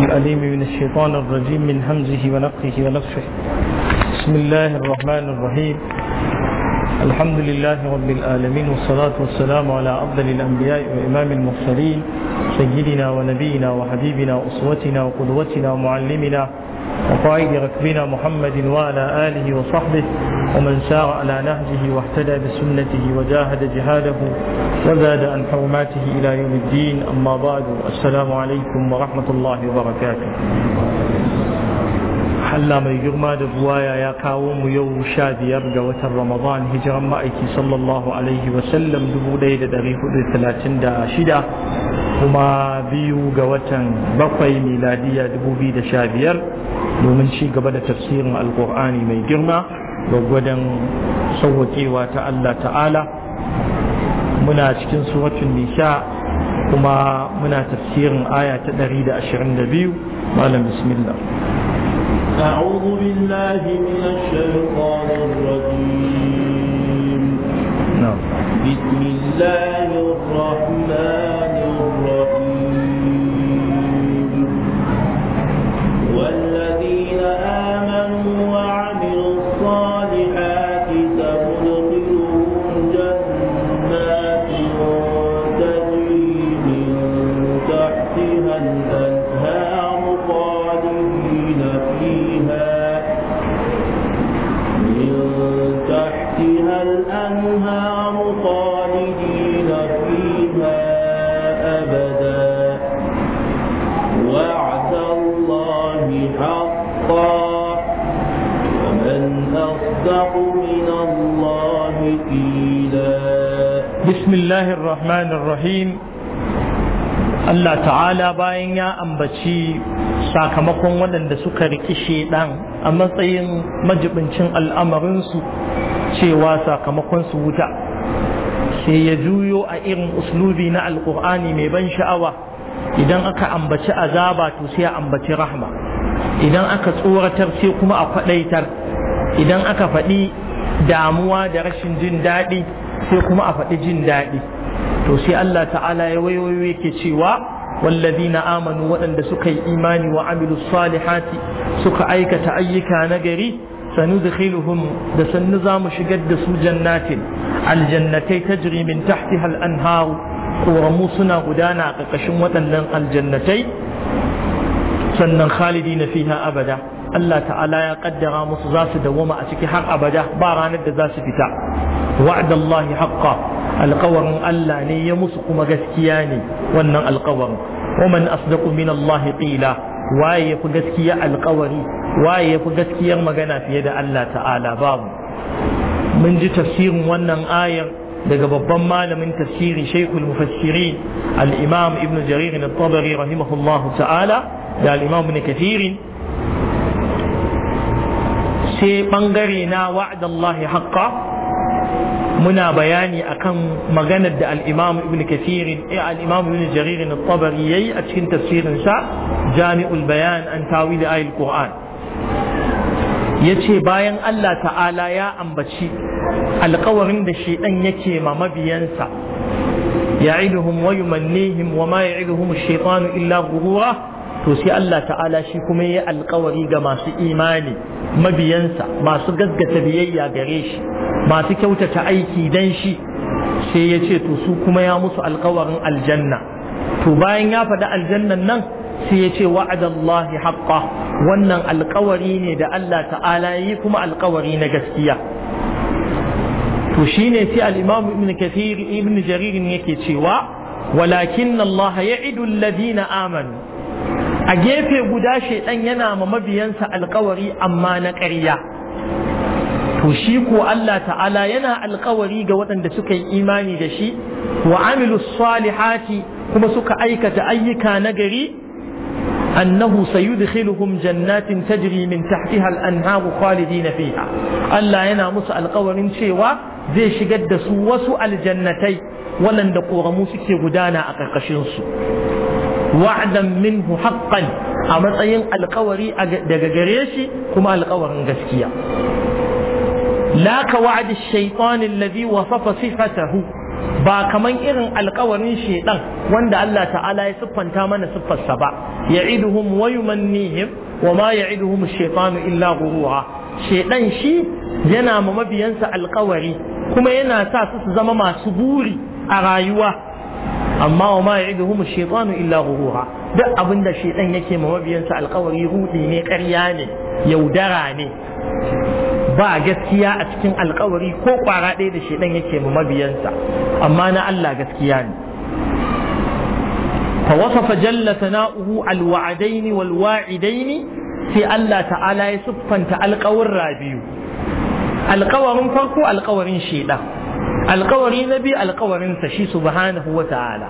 الأليم من الشيطان الرجيم من همزه ونقه ونفه بسم الله الرحمن الرحيم الحمد لله رب العالمين والصلاة والسلام على أفضل الأنبياء وإمام المرسلين سيدنا ونبينا وحبيبنا وأسوتنا وقدوتنا ومعلمنا وقائد ركبنا محمد وعلى آله وصحبه ومن سار على نهجه واهتدى بسنته وجاهد جهاده وزاد عن حرماته إلى يوم الدين أما بعد السلام عليكم ورحمة الله وبركاته Allah mai girma da buwaya ya kawo mu yau sha biyar ga watan Ramadan hijiran ma'aiki sallallahu alaihi wasallam dubu ɗaya da ɗari hudu talatin da shida kuma biyu ga watan bakwai miladiya dubu biyu da sha biyar domin ci gaba da tafsirin alkur'ani mai girma gwaggwadon sauwaƙewa ta Allah ta'ala muna cikin suratun nisa kuma muna tafsirin aya ta 122 malam bismillah أعوذ بالله من الشيطان الرجيم بسم الله الرحمن الرحيم بسم الله الرحمن الرحيم Allah ta'ala bayan ya ambaci sakamakon waɗanda suka riki shedan a matsayin majibincin al'amarinsu cewa sakamakon su wuta sai ya juyo a irin uslubi na alkur'ani mai ban sha'awa idan aka ambaci azaba to sai a ambaci rahma idan aka tsoratar sai kuma a kwaɗaitar idan aka faɗi damuwa da rashin jin daɗi sai kuma a faɗi jin daɗi to sai Allah ta'ala ya wayoyo yake cewa wallazina amanu waɗanda suka yi imani wa amilu salihati suka aikata ayyuka na gari sanudkhiluhum da sannu zamu shigar da su jannatin aljannatai tajri min tahtiha al-anhar ƙoramu suna gudana a ƙarƙashin waɗannan aljannatai sannan khalidina fiha abada Allah ta'ala ya kaddara musu za su dawwama a ciki har abada ba ranar da za su fita wa'da Allah haqqa alƙawarin Allah ne ya musu kuma gaskiya ne wannan alƙawarin wa man asdaqu min Allah qila waye yafi gaskiya alƙawari waye yafi gaskiyar magana fiye da Allah ta'ala babu mun ji tafsirin wannan ayar daga babban malamin tafsiri shaykhul mufassirin al-imam ibn jarir al-tabari rahimahullahu ta'ala da al-imam ibn sai bangare na wa'dallahi haqqa muna bayani akan maganar da al Ibn Kathir eh al Ibn jaririn al-Tabari yayi a cikin tafsirin sa Jami'ul Bayan an tawil ayatul Qur'an yace bayan Allah ta'ala ya ambaci alƙawarin da shedan yake ma mabiyansa ya'iduhum wa yumannihim wa ma ya'iduhum ash-shaytanu illa ghurura to sai Allah ta'ala shi kuma ya alkawari ga masu imani mabiyansa masu gaggata biyayya gare shi masu kyautata aiki dan shi sai ya ce to su kuma ya musu alkawarin aljanna to bayan ya faɗi aljannan nan sai ya ce wa'adallahi haqqa wannan alkawari ne da Allah ta'ala yi kuma alkawari na gaskiya to shine sai al-Imam Ibn Kathir Ibn Jarir yake cewa walakin Allah ya'idu alladhina amanu a gefe guda shaidan yana ma mabiyansa alkawari amma na ƙarya to shi ko Allah ta'ala yana alkawari ga waɗanda suka yi imani da shi wa amilu salihati kuma suka aikata ayyuka nagari annahu sayudkhiluhum jannatin tajri min tahtiha al-anharu khalidina fiha Allah yana musu alkawarin cewa zai shigar da su wasu aljannatai waɗanda ƙoramu suke gudana a ƙarƙashin su wa'dan minhu haqqan a matsayin alkawari daga gare shi kuma alkawarin gaskiya la ka wa'di shaytan alladhi wasafa sifatahu ba kaman irin alkawarin shaidan wanda Allah ta'ala ya siffanta mana siffarsa ba ya'iduhum wa yumannihim wa ma ya'iduhum shaytanu illa ghurura shaidan shi yana ma mabiyansa alkawari kuma yana sa su zama masu buri a rayuwa amma wa ma ya'iduhum ash-shaytanu illa ghurura duk abinda shaytan yake ma mabiyansa alƙawari rudi ne ƙarya ne yaudara ne ba gaskiya a cikin alƙawari ko ƙwara ɗaya da shaytan yake ma mabiyansa amma na Allah gaskiya ne فوصف جل ثناؤه الوعدين والواعدين sai Allah ta'ala ya siffanta القور رابيو القور farko, القور شيطان alkawari na biyu alkawarinsa shi subhanahu wa ta'ala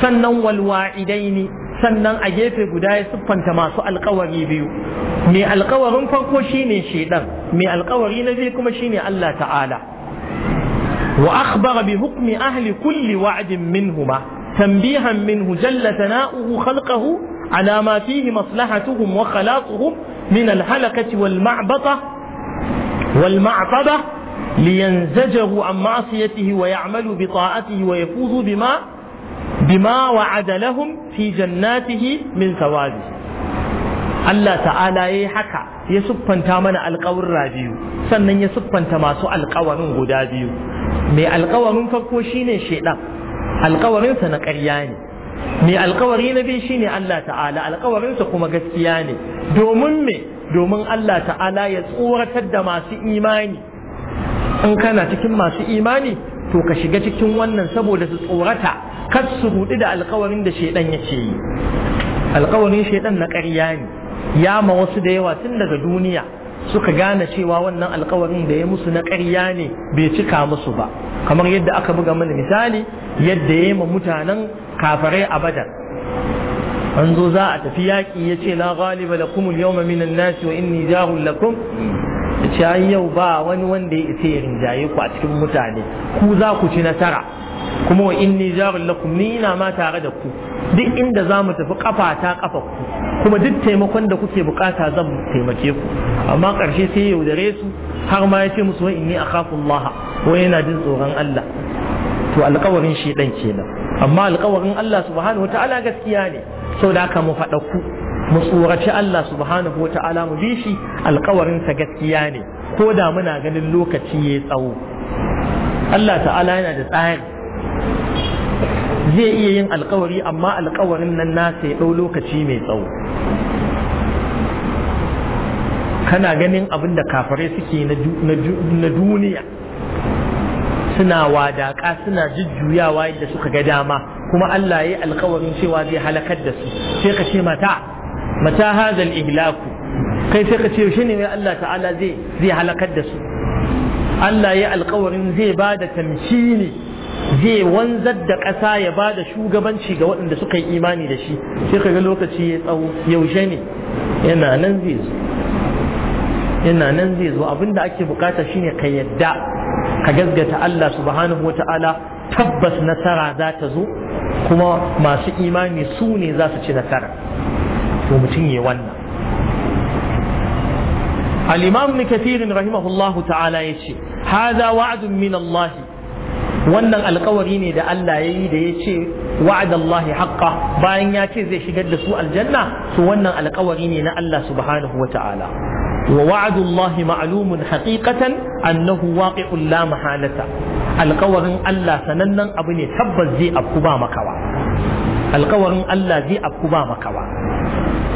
sannan walwa'idaini sannan a gefe guda ya siffanta masu alkawari biyu mai alkawarin farko shine shedan mai alkawari na biyu kuma shine Allah ta'ala wa akhbara bi hukmi ahli kulli wa'din minhuma tanbihan minhu jalla sana'uhu khalqahu ala ma fihi maslahatuhum wa khalaquhum min alhalakati wal ma'bata wal ma'tada لينزجه عن معصيته ويعملوا بطاعته ويفوزوا بما بما وعد لهم في جناته من ثوابه Allah ta'ala ya yi haka ya siffanta mana alƙawarra biyu sannan ya siffanta masu alƙawarin guda biyu mai alƙawarin farko shine shaidan alƙawarinsa na karya ne mai alƙawari na biyu shine Allah ta'ala alƙawarinsa kuma gaskiya ne domin me domin Allah ta'ala ya tsoratar da masu imani in kana cikin masu imani to ka shiga cikin wannan saboda su tsorata kar su rudi da alkawarin da shaidan yake yi alkawarin shaidan na ƙarya ne ya ma wasu da yawa tun daga duniya suka gane cewa wannan alkawarin da ya musu na ƙarya ne bai cika musu ba kamar yadda aka buga mana misali yadda ya ma mutanen kafarai a badar an zo za a tafi yaƙi ya ce na ghaliba lakum yawma minan nasi wa inni jahul lakum ce yau ba wani wanda ya isa ya rinjaye ku a cikin mutane ku za ku ci nasara kuma wa inni jarun lakum ni ina ma tare da ku duk inda za mu tafi kafa ta kafa ku kuma duk taimakon da kuke bukata zan taimake ku amma karshe sai ya yaudare su har ma ya ce musu wa a kafin laha wa yana jin tsoron Allah to alƙawarin shi dan kenan amma alƙawarin Allah subhanahu ta'ala gaskiya ne da aka mu faɗa ku mu tsoraci Allah subhanahu wa ta'ala mu bi shi alkawarinsa gaskiya ne ko da muna ganin lokaci ya tsawo Allah ta'ala yana da tsari zai iya yin alƙawari amma alƙawarin nan nasa ya ɗau lokaci mai tsawo kana ganin abin da kafirai suke na duniya suna wadaƙa suna jujjuyawa yadda suka ga dama kuma Allah ya yi alkawarin cewa zai halakar da su sai ka ce mata mata hadal ihlaku kai sai ka ce shi ne Allah ta'ala zai halakar da su Allah ya alkawarin zai ba da tamkini zai wanzar da ƙasa ya ba da shugabanci ga waɗanda suka yi imani da shi sai ka ga lokaci ya tsawo yaushe ne yana nan zai zo yana nan zai zo abinda ake bukata shine ka yadda ka gazgata Allah subhanahu wata'ala tabbas nasara za ta zo kuma masu imani su ne za su ci nasara to mutum ya wannan al-imam ibn rahimahullahu ta'ala yace haza wa'dun min Allah wannan alkawari ne da Allah ya yi da ya ce wa'adallahi haƙƙa bayan ya ce zai shigar da su aljanna to wannan alkawari ne na Allah subhanahu wa ta'ala wa wa'adullahi ma'lumun haƙiƙatan annahu waqi'un la mahalata alkawarin Allah sanannen abu ne tabbas zai afku ba makawa alkawarin Allah zai afku ba makawa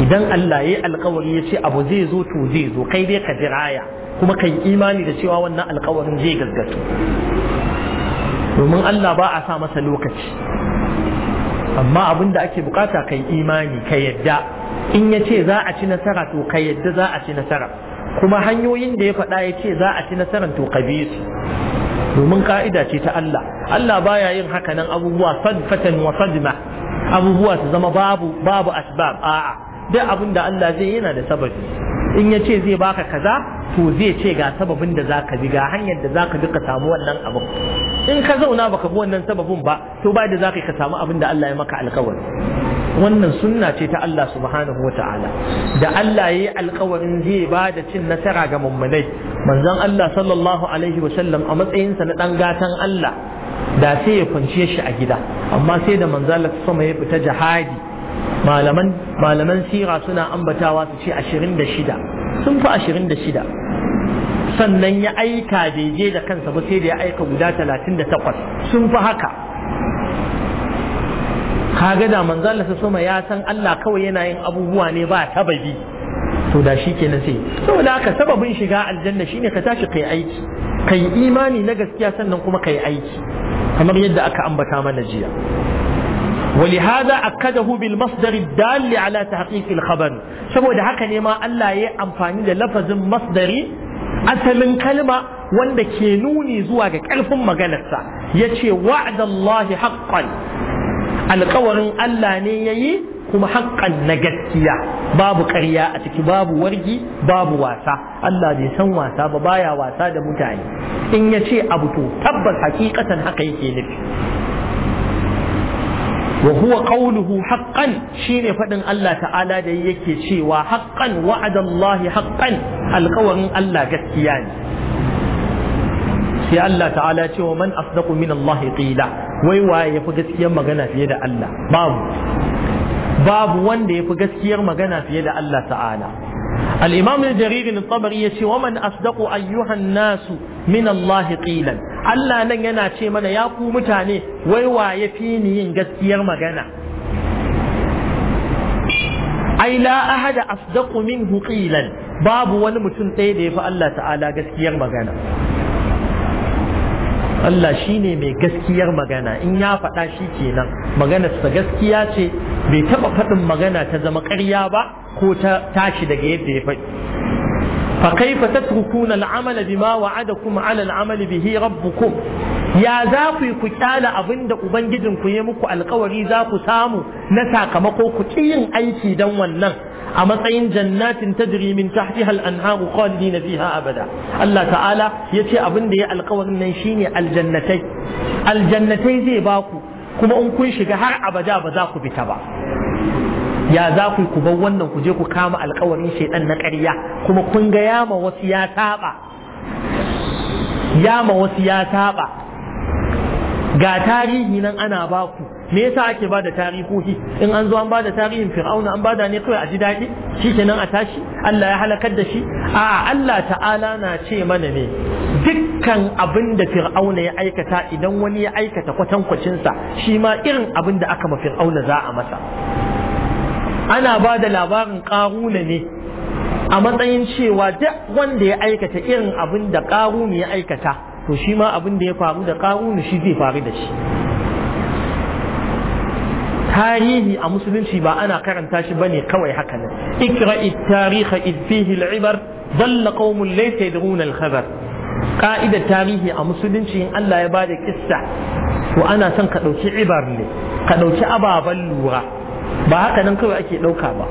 idan Allah ya yi alkawari ya ce abu zai zo to zai zo kai dai ka jiraya kuma kai imani da cewa wannan alkawarin zai gaskatu domin Allah ba a sa masa lokaci amma abin da ake bukata kai imani ka yadda in ya ce za a ci nasara to ka yadda za a ci nasara kuma hanyoyin da ya faɗa ya ce za a ci nasarar to ka bi su domin ka'ida ce ta Allah Allah baya yin haka nan abubuwa sadfatan wa sadma abubuwa su zama babu babu asbab a'a duk abin da Allah zai yana da sababi in ya ce zai baka kaza to zai ce ga sababin da zaka bi ga hanyar da zaka ka samu wannan abin in ka zauna baka bi wannan sababin ba to ba da zaka ka samu abin da Allah ya maka alkawari wannan sunna ce ta Allah subhanahu wa ta'ala da Allah ya yi alkawarin zai ba da cin nasara ga mummunai manzon Allah sallallahu alaihi wa sallam a na dan gatan Allah da sai ya kwanciye shi a gida amma sai da manzon Allah sama ya fita jihadi malaman sira suna ambatawa su ce shida sun fi shida sannan ya aika bai je da kansa ba sai da ya aika guda takwas sun fi haka kaga da manzon Allah sama ya san Allah kawai yana yin abubuwa ne ba sababi to da shi kenan sai saboda haka sababin shiga aljanna shine ka tashi kai aiki kai imani na gaskiya sannan kuma kai aiki kamar yadda aka ambata mana jiya ولهذا أكده بالمصدر الدال على تحقيق الخبر سبو ده هكا نما ألا يأمفاني ده لفظ مصدري أسل كلمة وان كينوني زواجك ألف مغالسة يتشي وعد الله حقا Alƙawarin Allah ne ya yi kuma haƙƙan na gaskiya babu ƙarya a ciki babu wargi babu wasa Allah bai san wasa ba baya wasa da mutane in ya ce abu to tabbas hakikatan haka yake nufi wa huwa haƙan shine faɗin Allah ta'ala da yake cewa haqqan wa'adallahi haqqan alqawarin Allah gaskiya ne sai Allah ta'ala ce wa man asdaqu min Allah qila wai waye yafi gaskiyar magana fiye da Allah babu babu wanda yafi gaskiyar magana fiye da Allah ta'ala al-imam al-jarir al-tabari yace wa man asdaqu ayyuhan nasu min Allah qilan Allah nan yana ce mana ya ku mutane wai wa ya fi ni yin gaskiyar magana ai la ahada asdaqu minhu qilan babu wani mutum ɗaya da ya fi Allah ta'ala gaskiyar magana Allah shine mai gaskiyar magana in ya faɗa shi kenan maganarsa gaskiya ce bai taɓa faɗin magana ta zama ƙarya ba ko ta tashi daga yadda ya faɗi فكيف تتركون العمل بما وعدكم على العمل به ربكم ya za ku yi ku kyale abin ubangijin ku yi muku alkawari za ku samu na sakamako ku yin aiki dan wannan a matsayin jannatin tajri min tahtiha al-anharu khalidina fiha abada Allah ta'ala ya ce abinda ya yi alkawarin nan shine aljannatai aljannatai zai baku kuma in kun shiga har abada ba za ku bita ba ya za ku ku bar wannan ku je ku kama alkawarin shaidan na ƙarya kuma kun ga yama wasu ya taɓa yama wasu ya taɓa ga tarihi nan ana baku me yasa ake ba da tarihohi in an zo an ba da tarihin fir'auna an ba da ne kawai a ji daɗi shi kenan a tashi Allah ya halakar da shi a Allah ta'ala na ce mana ne dukkan abin da fir'auna ya aikata idan wani ya aikata kwatankwacinsa shi ma irin abin da aka ma fir'auna za a masa ana ba da labarin ƙaruna ne a matsayin cewa duk wanda ya aikata irin abin da ƙarunu ya aikata to shi ma abin da ya faru da ƙarunu shi zai faru da shi tarihi a musulunci ba ana karanta shi bane kawai haka nan ikra tarihi id fihi al-ibar dalla qaumun laysa yadruna al-khabar tarihi a musulunci in Allah ya bada kissa to ana son ka dauki ibar ne ka dauki ababan lura ba haka nan kawai ake ɗauka ba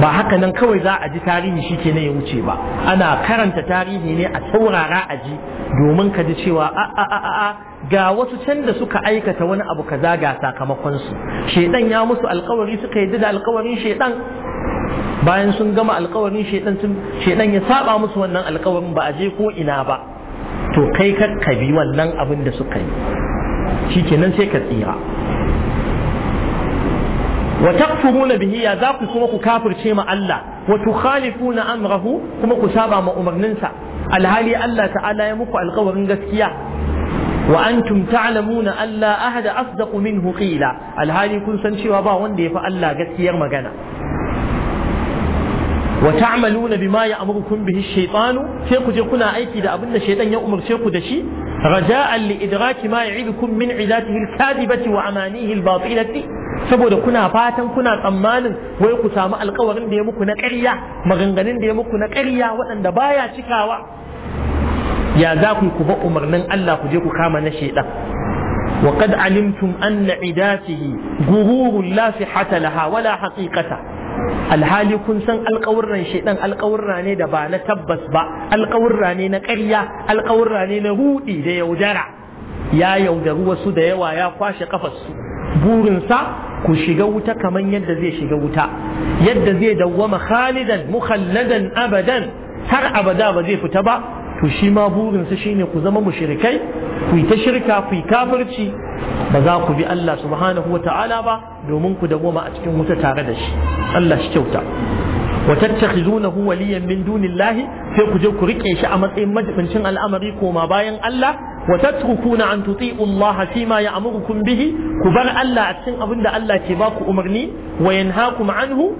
ba haka nan kawai za a ji tarihi shi ke ya wuce ba ana karanta tarihi ne a saurara a ji domin ka ji cewa a a a a ga wasu can da suka aikata wani abu kaza ga sakamakon su shedan ya musu alkawari suka yi da alkawarin shedan bayan sun gama alkawarin shedan shedan ya saba musu wannan alkawarin ba a je ko ina ba to kai ka bi wannan abin da suka yi shikenan sai ka tsira wa takfuruna bihi ya zaku kuma ku kafirce ma Allah wa na amrahu kuma ku saba ma umarninsa alhali Allah ta'ala ya muku alkawarin gaskiya wa antum ta'lamuna alla ahada asdaqu min qila alhali kun san cewa ba wanda ya fi Allah gaskiyar magana wa ta'maluna bima ya'murukum bihi shaiɗanu shaytanu sai ku je kuna aiki da abinda shaiɗan ya umarce ku da shi raja'an idraki ma ya'idukum min 'idatihi al-kadibati wa amanihi al-batilati saboda kuna fatan kuna tsammanin wai ku samu alkawarin da ya muku na ƙarya maganganun da ya muku na ƙarya waɗanda baya cikawa ya za ku ku ba umarnin Allah ku je ku kama na shaidan wa qad alimtum anna idatihi gururun la sihata laha wala haqiqata alhali kun san alƙawurran shaidan alƙawurra ne da ba na tabbas ba alƙawurra ne na ƙarya alƙawurra ne na ruɗi da yaudara ya yaudaru wasu da yawa ya kwashe kafarsu burinsa ku shiga wuta kamar yadda zai shiga wuta yadda zai dawwama khalidan mukhalladan abadan har abada ba zai fita ba to shi ma burinsa shine ku zama mushrikai ku yi ta shirka ku yi kafirci ba za ku bi Allah subhanahu wa ta'ala ba domin ku dawwama a cikin wuta tare da shi Allah shi kyauta wa tattakhizunahu waliyan min dunillahi sai ku je ku rike shi a matsayin majibincin al'amari koma bayan Allah wa tatrukuna an tuti'u Allah fima ya'murukum bihi ku bar Allah a cikin abin da Allah ke baku umarni wa yanhaakum anhu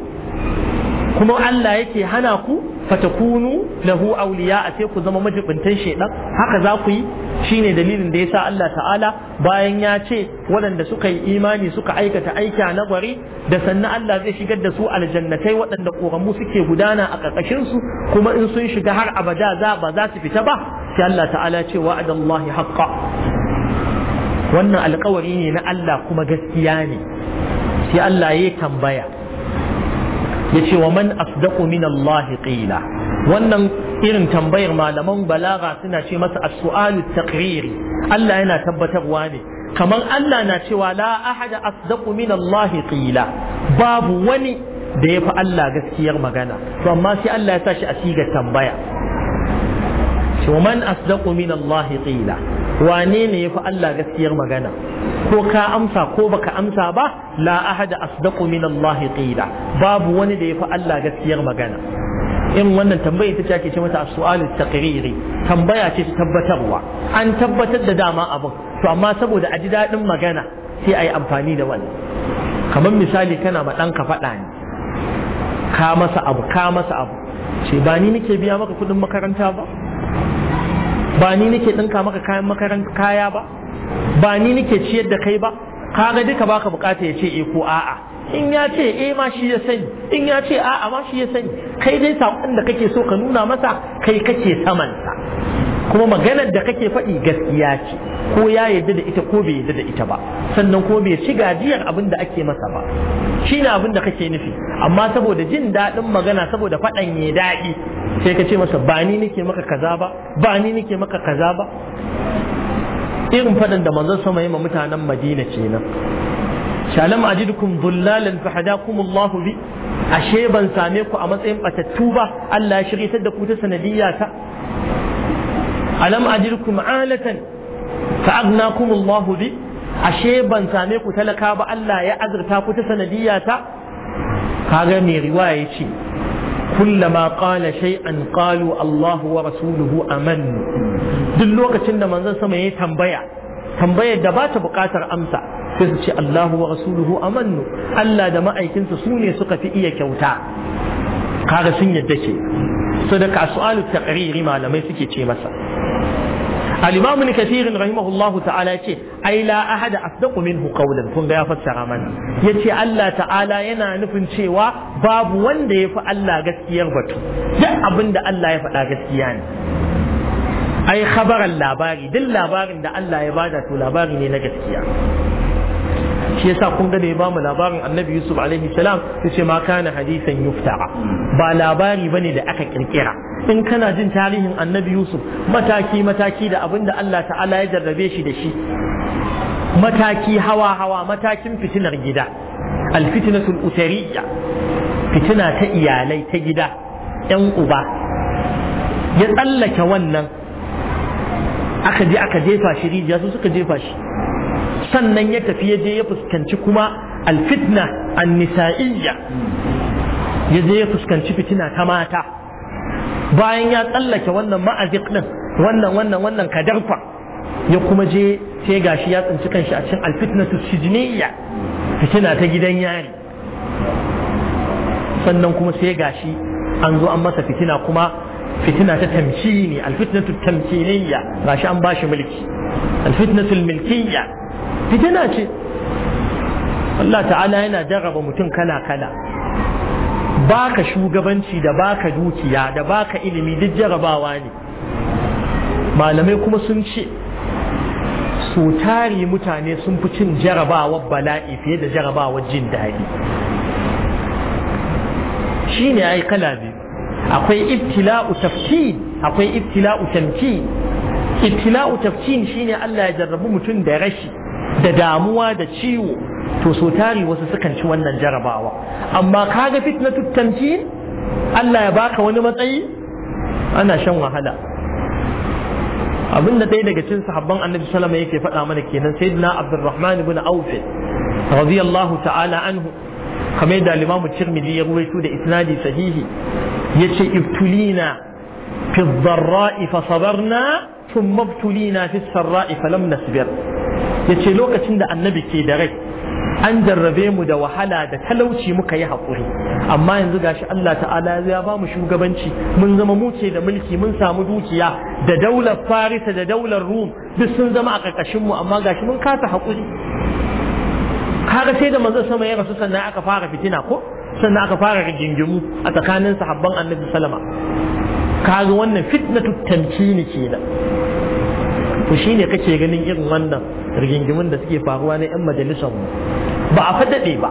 kuma Allah yake hana ku fatakunu lahu awliya a sai ku zama majibintan shedan haka za ku yi shine dalilin da yasa Allah ta'ala bayan ya ce waɗanda suka yi imani suka aikata aika na bari da sannan Allah zai shigar da su aljannatai waɗanda koramu suke gudana a ƙarƙashin kuma in sun shiga har abada za ba za su fita ba sai Allah ta'ala ce wa'adallahi haqqa wannan alkawari ne na Allah kuma gaskiya ne sai Allah ya tambaya ya ce wa man asdaqu min Allah qila wannan irin tambayar malaman balaga suna ce masa as-su'alu taqriri Allah yana tabbatarwa ne kamar Allah na cewa la ahada asdaqu min Allah qila babu wani da ya fi Allah gaskiyar magana to amma sai Allah ya sa shi a sigar tambaya ce man asdaqu min Allah qila wane ne yafi Allah gaskiyar magana ko ka amsa ko baka amsa ba la ahada asdaqu min Allah qila babu wani da yafi Allah gaskiyar magana in wannan tambaya ita ce ake ce mata as-su'alu taqriri tambaya ce tabbatarwa an tabbatar da dama abin to amma saboda a ji dadin magana sai ayi amfani da wannan kamar misali kana ma ka faɗa ne ka masa abu ka masa abu ce ba ni nake biya maka kuɗin makaranta ba ba ni nake ɗinka maka kayan makaran kaya ba ba ni nake ciyar da kai ba kaga duka baka bukata ya ce eh ko a'a in ya ce eh ma shi ya sani in ya ce a'a ma shi ya sani kai dai sakon da kake so ka nuna masa kai kake samansa kuma maganar da kake faɗi gaskiya ce ko ya yarda da ita ko bai yarda da ita ba sannan ko bai ci gajiyar abin da ake masa ba Shi ne abin da kake nufi amma saboda jin daɗin magana saboda faɗan ya daɗi sai ka ce masa ba ni nake maka kaza ba ba ni nake maka kaza ba irin fadan da manzon sama yi ma mutanen Madina kenan shalam ajidukum dhullalan fa hadakum Allah bi ashe ban same ku a matsayin batattu ba Allah ya shirye da ku ta sanadiyya ta alam ajidukum alatan fa agnakum Allah bi ashe ban same ku talaka ba Allah ya azurta ku ta sanadiyya ta kaga mai riwaya yace kullama qala shay'an qalu Allahu wa rasuluhu amannu duk lokacin da manzon sama yayi tambaya tambayar da ba ta buƙatar amsa sai su ce Allahu wa rasuluhu amannu Allah da ma'aikinsa su ne suka fi iya kyauta kaga sun yadda ke so da ka su'alu taqriri malamai suke ce masa al-imam ibn kathir rahimahullahu ta'ala ce ai la ahada asdaqu minhu qawlan kun ga ya fassara mana yace Allah ta'ala yana nufin cewa babu wanda yafi Allah gaskiyar batu duk abinda Allah ya faɗa gaskiya ne ai khabaran labari duk labarin da Allah ya bada to labari ne na gaskiya shi yasa kun ga da ya bamu labarin annabi yusuf alaihi salam Su ce ma kana hadisan yuftara. ba labari bane da aka kirkira in kana jin tarihin annabi yusuf mataki mataki da abinda Allah ta'ala ya jarrabe shi da shi mataki hawa hawa matakin fitinar gida alfitinatul usariyya fitina ta iyalai ta gida yan uba ya tsallake wannan aka je aka jefa shi rijiya su suka jefa shi sannan ya tafi ya je ya fuskanci kuma alfitna annisa'iyya ya je ya fuskanci fitina ta mata bayan ya tsallake wannan ma'azik din wannan wannan wannan kadarfa ya kuma je sai gashi ya tsinci kanshi a cikin alfitnatu sijniyya fitina ta gidan yari sannan kuma sai gashi an zo an masa fitina kuma fitina ta tamci ne alfitna alfitnatu tamkiniyya gashi an bashi mulki alfitnatul milkiyya fitina ce Allah ta'ala yana jarraba mutum kala-kala baka shugabanci da baka dukiya da baka ilimi duk jarrabawa ne malamai kuma sun ce su tari mutane sun fi cin jarrabawar bala'i fiye da jarrabawar jin daɗi shi ne ai kala biyu akwai ibtila'u tafkin akwai ibtila'u tamkin ibtila'u tafkin shine Allah ya jarrabu mutum da rashi da damuwa da ciwo to so tari wasu sukan ci wannan jarabawa amma kaga fitna tamkin Allah ya baka wani matsayi ana shan wahala abinda ɗaya daga cin sahabban annabi sallama yake faɗa mana kenan sayyidina abdurrahman ibn auf radiyallahu ta'ala anhu kamar da limamu tirmidhi ya ruwaito da isnadi sahihi yace ibtulina fi dharra'i fa sabarna thumma ibtulina fi sarra'i fa lam ya ce lokacin da annabi ke da rai an jarrabe mu da wahala da talauci muka yi haƙuri amma yanzu gashi Allah ta'ala ya ba mu shugabanci mun zama muke da mulki mun samu dukiya da daular farisa da daular rum duk sun zama a ƙarƙashin mu amma gashi mun kasa haƙuri kaga sai da manzo sama ya rasu sannan aka fara fitina ko sannan aka fara rigingimu a tsakanin sahabban annabi sallama kaga wannan fitnatu tamkini kenan ku shi ne kake ganin irin wannan rigingimin da suke faruwa na 'yan majalisar mu ba a faɗaɗe daɗe ba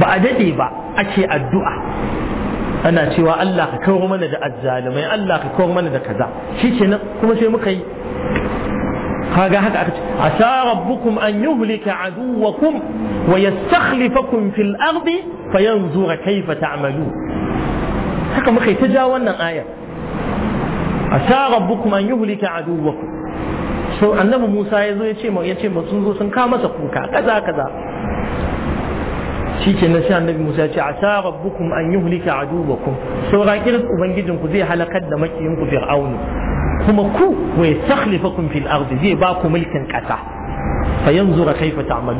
ba a daɗe ba ake addu'a ana cewa Allah ka kawo mana da azzalumai Allah ka kawo mana da kaza shi ke nan kuma sai muka yi kaga haka aka ce asa rabbukum an yuhlika aduwakum wa yastakhlifakum fil ardi fayanzura kayfa ta'malu haka muka yi ta ja wannan ayar A asa rabbukum an yuhlika aduwwakum so annabi Musa ya zo ya ce ma ya ce ma sun zo sun ka masa kuka kaza kaza shikenan sai annabi Musa ya ce a asa rabbukum an yuhlika aduwwakum saura kiris ubangijin ku zai halakar da makiyin ku fir'aunu kuma ku wa yastakhlifakum fil ardi zai ba ku mulkin kasa fa yanzura kaifa ta'malu